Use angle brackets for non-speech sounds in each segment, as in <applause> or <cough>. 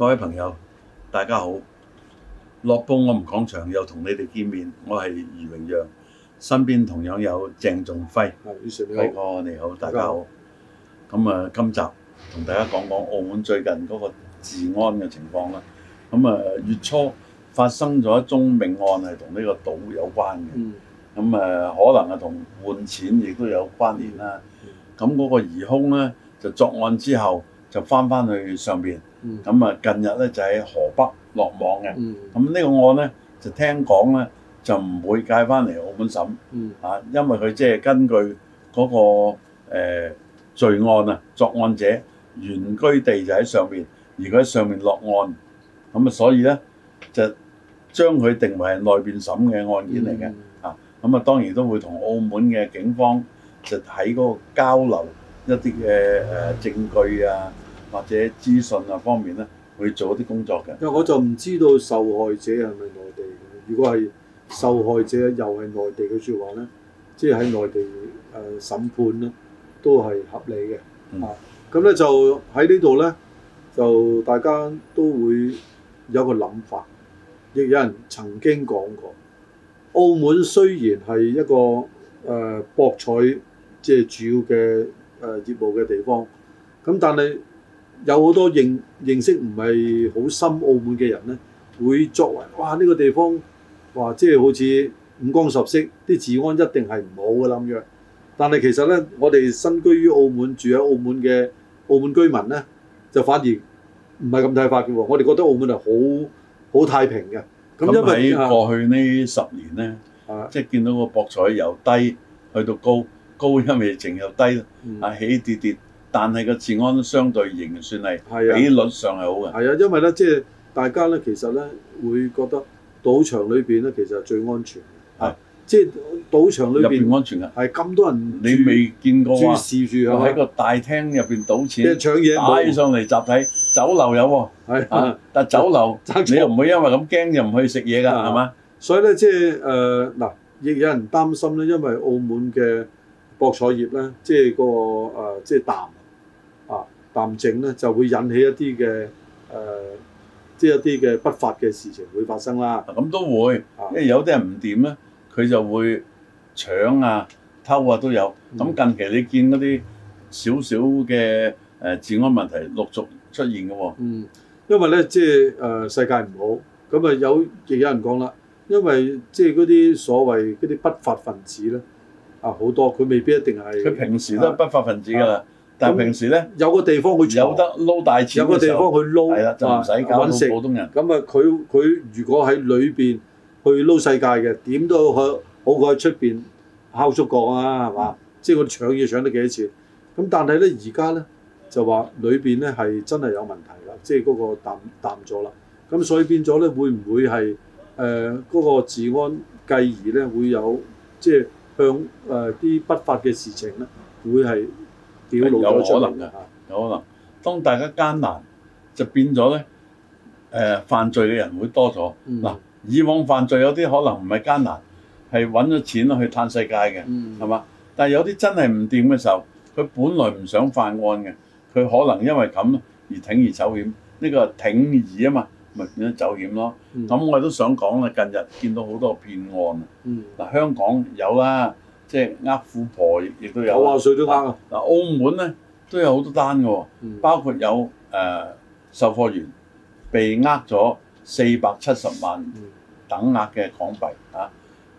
各位朋友，大家好！樂報我們講場又同你哋見面，我係余榮陽，身邊同樣有鄭仲輝。輝哥你，你好，大家好。咁啊好，今集同大家講講澳門最近嗰個治安嘅情況啦。咁啊，月初發生咗一宗命案，係同呢個賭有關嘅。咁啊、嗯，可能係同換錢亦都有關聯啦。咁嗰、嗯、那個疑兇咧，就作案之後就翻翻去上邊。咁啊，嗯、近日咧就喺、是、河北落網嘅，咁呢、嗯、個案咧就聽講咧就唔會解返嚟澳門審，啊、嗯，因為佢即係根據嗰、那個、呃、罪案啊，作案者原居地就喺上面，而佢喺上面落案，咁啊，所以咧就將佢定為係內邊審嘅案件嚟嘅，嗯、啊，咁啊，當然都會同澳門嘅警方就喺嗰個交流一啲嘅誒證據啊。嗯或者資訊啊方面咧，去做一啲工作嘅。因為我就唔知道受害者係咪內地嘅？如果係受害者又係內地嘅説話咧，即係喺內地誒審判咧，都係合理嘅。啊、嗯，咁咧就喺呢度咧，就大家都會有個諗法，亦有人曾經講過，澳門雖然係一個誒、呃、博彩即係主要嘅誒、呃、業務嘅地方，咁但係，有好多認認識唔係好深澳門嘅人咧，會作為哇呢個地方，哇即係好似五光十色，啲治安一定係唔好嘅噉樣。但係其實咧，我哋身居於澳門住喺澳門嘅澳門居民咧，就反而唔係咁睇法嘅。我哋覺得澳門係好好太平嘅。咁喺過去呢十年咧，即係見到個博彩由低去到高，高因為疫情又低，啊起跌跌。但係個治安相對仍算係比率上係好嘅。係啊，因為咧即係大家咧其實咧會覺得賭場裏邊咧其實係最安全嘅。係即係賭場裏邊安全㗎。係咁多人你未見過注視住喺個大廳入邊賭錢，搶嘢買上嚟集體酒樓有喎。但係酒樓你又唔會因為咁驚又唔去食嘢㗎，係嘛？所以咧即係誒嗱，亦有人擔心咧，因為澳門嘅博彩業咧即係個誒即係淡。淡靜咧就會引起一啲嘅誒，即係一啲嘅不法嘅事情會發生啦。咁都會，啊、因為有啲人唔掂咧，佢就會搶啊、偷啊都有。咁、嗯、近期你見嗰啲少少嘅誒治安問題陸續出現嘅喎、哦。嗯，因為咧即係誒、呃、世界唔好，咁啊有亦有人講啦，因為即係嗰啲所謂嗰啲不法分子咧啊好多，佢未必一定係佢平時都係不法分子㗎啦。但平時咧，有個地方佢有得撈大錢，有個地方去撈，係啦，就唔使揾食。普通人咁啊，佢佢如果喺裏邊去撈世界嘅，點都好過喺出邊敲竹槓啊，係嘛、嗯？即係我搶嘢搶得幾多錢？咁但係咧，而家咧就話裏邊咧係真係有問題啦，即係嗰個淡淡咗啦。咁所以變咗咧，會唔會係誒嗰個治安繼而咧會有即係、就是、向誒啲、呃、不法嘅事情咧會係？的有可能嘅，有可能。當大家艱難，就變咗咧，誒、呃、犯罪嘅人會多咗。嗱、嗯，以往犯罪有啲可能唔係艱難，係揾咗錢去嘆世界嘅，係嘛、嗯？但係有啲真係唔掂嘅時候，佢本來唔想犯案嘅，佢可能因為咁而鋌而走險。呢、這個鋌而啊嘛，咪變咗走險咯。咁、嗯、我哋都想講啦，近日見到好多騙案啊。嗱、嗯，香港有啦。即係呃富婆亦都有，啊！水都單啊！嗱，澳門咧都有好多單嘅，嗯、包括有誒售貨員被呃咗四百七十萬等額嘅港幣、嗯、啊！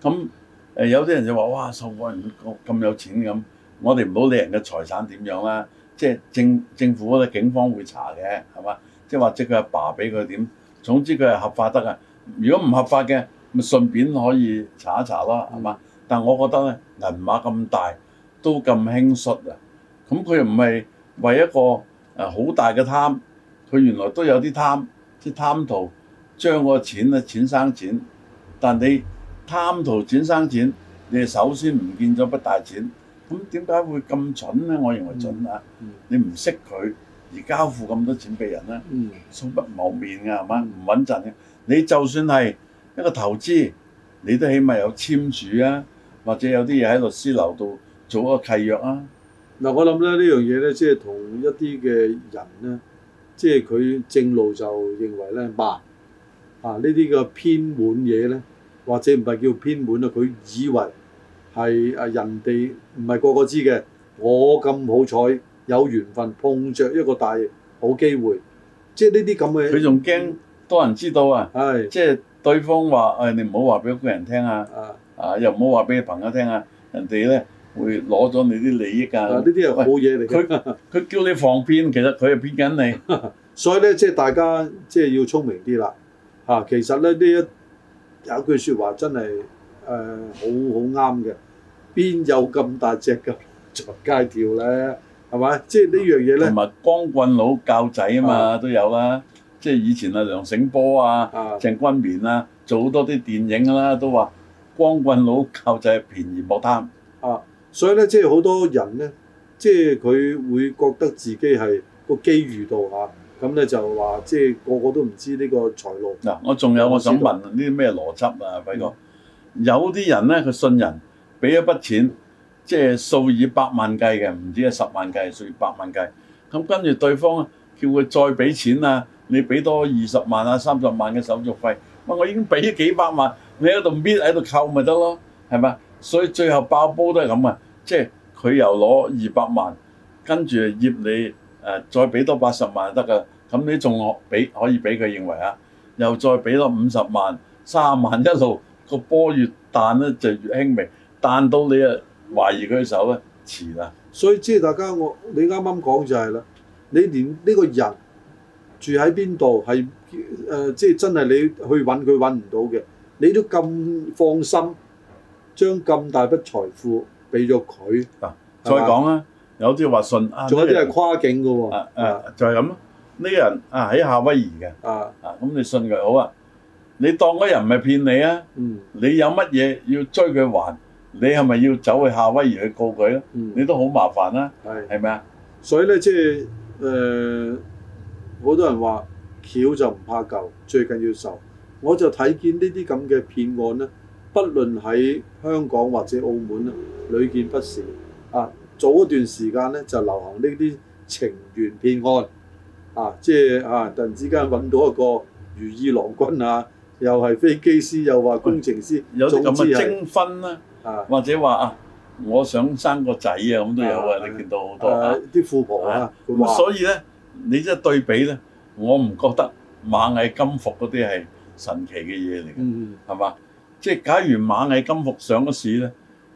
咁誒、呃、有啲人就話：哇！售貨員咁咁有錢咁，我哋唔好理人嘅財產點樣啦。即係政政府咧，警方會查嘅，係嘛？即係或者佢阿爸俾佢點，總之佢係合法得噶。如果唔合法嘅，咪順便可以查一查咯，係嘛、嗯？但係我覺得咧，銀碼咁大都咁輕率啊！咁佢又唔係為一個誒好大嘅貪，佢原來都有啲貪，即係貪圖將個錢咧錢生錢。但係你貪圖錢生錢，你首先唔見咗筆大錢，咁點解會咁蠢咧？我認為蠢啦，你唔識佢而交付咁多錢俾人咧，素不謀面㗎係嘛？唔穩陣啊。你就算係一個投資，你都起碼有簽署啊！或者有啲嘢喺律師樓度做一個契約啊！嗱，我諗咧呢樣嘢咧，即係同一啲嘅人咧，即係佢正路就認為咧，唔係啊，呢啲嘅偏門嘢咧，或者唔係叫偏門啊，佢以為係誒人哋唔係個個知嘅，我咁好彩有緣分碰着一個大好機會，即係呢啲咁嘅。佢仲驚多人知道啊！係即係對方話誒、哎，你唔好話俾屋企人聽啊！啊！啊！又唔好話俾你朋友聽啊，人哋咧會攞咗你啲利益啊！呢啲又冇嘢嚟。佢佢叫你防騙，其實佢係騙緊你。 <laughs> 所以咧，即係大家即係要聰明啲啦。嚇、啊，其實咧呢一有一句説話真係誒好好啱嘅。邊、呃、有咁大隻嘅隨街跳咧？係嘛？即係呢樣嘢咧。同埋光棍佬教仔啊嘛，都有啦。啊、即係以前啊，梁醒波啊、鄭君綿啊，做好多啲電影啦、啊，都話。光棍佬靠就係便宜莫貪啊！所以咧，即係好多人咧，即係佢會覺得自己係個機遇度嚇，咁、啊、咧就話即係個個都唔知呢個財路嗱。我仲有我想問呢啲咩邏輯啊，輝哥？有啲人咧，佢信人，俾一筆錢，即係數以百萬計嘅，唔止係十萬計，係數以百萬計。咁跟住對方叫佢再俾錢啊！你俾多二十萬啊、三十萬嘅手續費，我已經俾幾百萬。你喺度搣喺度扣咪得咯，係咪？所以最後爆煲都係咁啊，即係佢又攞二百萬，跟住醃你、呃、再俾多八十萬就得嘅，咁你仲可俾可以俾佢認為啊？又再俾多五十萬、三萬一路，個波越彈咧就越輕微，彈到你啊懷疑佢嘅時候咧，遲啦。所以即係大家我你啱啱講就係啦，你連呢個人住喺邊度係呃，即係真係你去揾佢揾唔到嘅。你都咁放心，將咁大筆財富俾咗佢。再講啦，吧有啲話信啊，仲有啲係跨境嘅喎。就係咁咯。呢個人吧啊喺夏威夷嘅。啊吧啊，咁你信佢好啊？你當嗰人唔係騙你啊？嗯、你有乜嘢要追佢還？你係咪要走去夏威夷去告佢，嗯、你都好麻煩啦，係咪啊？的吧所以咧，即係誒，好、呃、多人話橋就唔怕舊，最緊要受。我就睇見呢啲咁嘅騙案咧，不論喺香港或者澳門啦，屢見不鮮。啊，早段時間咧就流行呢啲情緣騙案，啊，即係啊，突然之間揾到一個如意郎君啊，又係飛機師，又話工程師，有啲咁嘅徵婚啦，或者話啊，我想生個仔啊，咁都有啊，你見到好多啲富婆啊，咁所以咧，你即係對比咧，我唔覺得螞蟻金服嗰啲係。神奇嘅嘢嚟嘅，係嘛？嗯？即係假如螞蟻金服上咗市呢，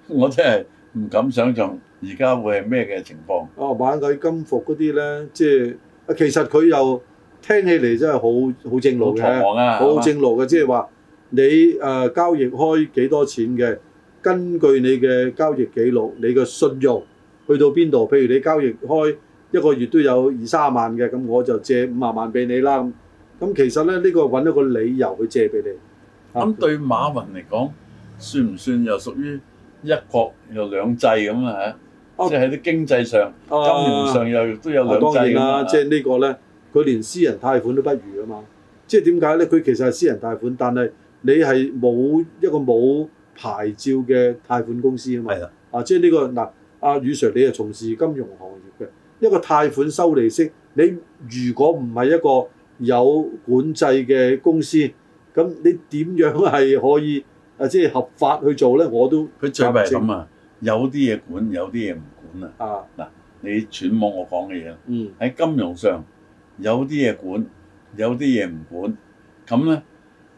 我真係唔敢想象而家會係咩嘅情況。哦，螞蟻金服嗰啲呢，即係其實佢又聽起嚟真係好好正路嘅，好、啊、正路嘅，即係話你誒、呃、交易開幾多錢嘅，根據你嘅交易記錄，你嘅信用去到邊度？譬如你交易開一個月都有二三十萬嘅，咁我就借五十萬俾你啦。咁其實咧，呢、呢個揾一個理由去借俾你。咁、啊、對馬雲嚟講，算唔算又屬於一國又兩制咁啊？啊即係喺啲經濟上、啊、金融上又都有兩制㗎。即係呢個咧，佢連私人貸款都不如啊嘛。即係點解咧？佢其實係私人貸款，但係你係冇一個冇牌照嘅貸款公司嘛的啊嘛、就係呢個。啊，即係呢個嗱，阿雨 Sir 你係從事金融行業嘅，一個貸款收利息，你如果唔係一個有管制嘅公司，咁你點樣係可以啊？即係合法去做咧？我都佢就係咁啊！有啲嘢管，有啲嘢唔管啊！啊！嗱，你揣摩我講嘅嘢啦。嗯。喺金融上，有啲嘢管，有啲嘢唔管，咁咧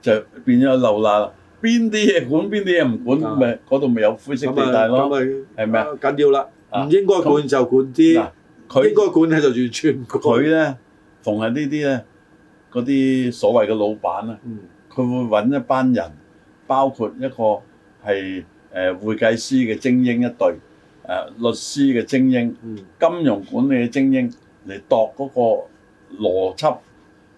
就變咗漏罅啦。邊啲嘢管，邊啲嘢唔管，咪嗰度咪有灰色地帶咯？係咪啊？緊要啦！唔應該管就管啲，應該管咧就完全唔管。佢咧，逢係呢啲咧。嗰啲所謂嘅老闆咧，佢、嗯、會揾一班人，包括一個係誒會計師嘅精英一隊，誒律師嘅精英，嗯、金融管理嘅精英嚟度嗰個邏輯，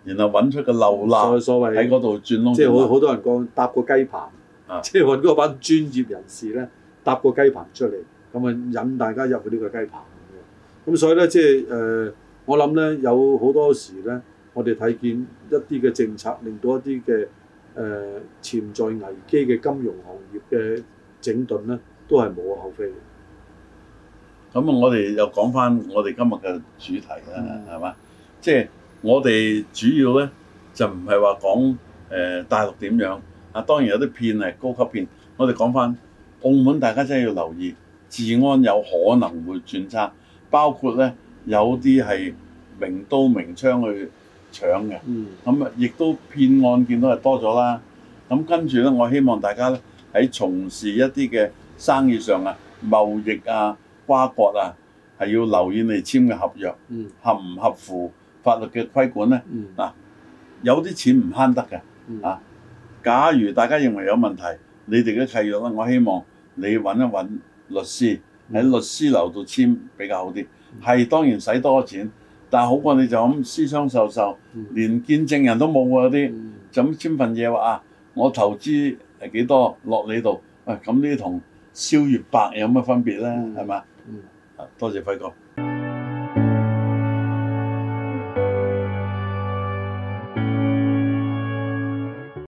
然後揾出個漏罅喺度轉窿，即係好好多人講搭個雞棚，啊、即係揾嗰班專業人士咧搭個雞棚出嚟，咁啊引大家入去呢個雞棚。咁所以咧，即係誒、呃，我諗咧有好多時咧。我哋睇見一啲嘅政策，令到一啲嘅誒潛在危機嘅金融行業嘅整頓咧，都係冇可厚非嘅。咁啊，我哋又講翻我哋今日嘅主題啦，係嘛、嗯？即係、就是、我哋主要咧就唔係話講誒大陸點樣啊，當然有啲片係高級片，我哋講翻澳門，大家真係要留意治安有可能會轉差，包括咧有啲係明刀明槍去搶嘅，咁啊，亦都騙案見到係多咗啦。咁跟住咧，我希望大家咧喺從事一啲嘅生意上啊、貿易啊、瓜葛啊，係要留意你簽嘅合約，合唔合乎法律嘅規管咧？嗱、嗯啊，有啲錢唔慳得嘅啊。假如大家認為有問題，你哋嘅契約咧，我希望你揾一揾律師喺律師樓度簽比較好啲，係當然使多錢。但係好過你就咁私相授受受，連見證人都冇嗰啲，就咁簽份嘢話啊，我投資係幾多落你度，喂咁呢啲同肖月白有乜分別咧？係咪？啊，多謝輝哥。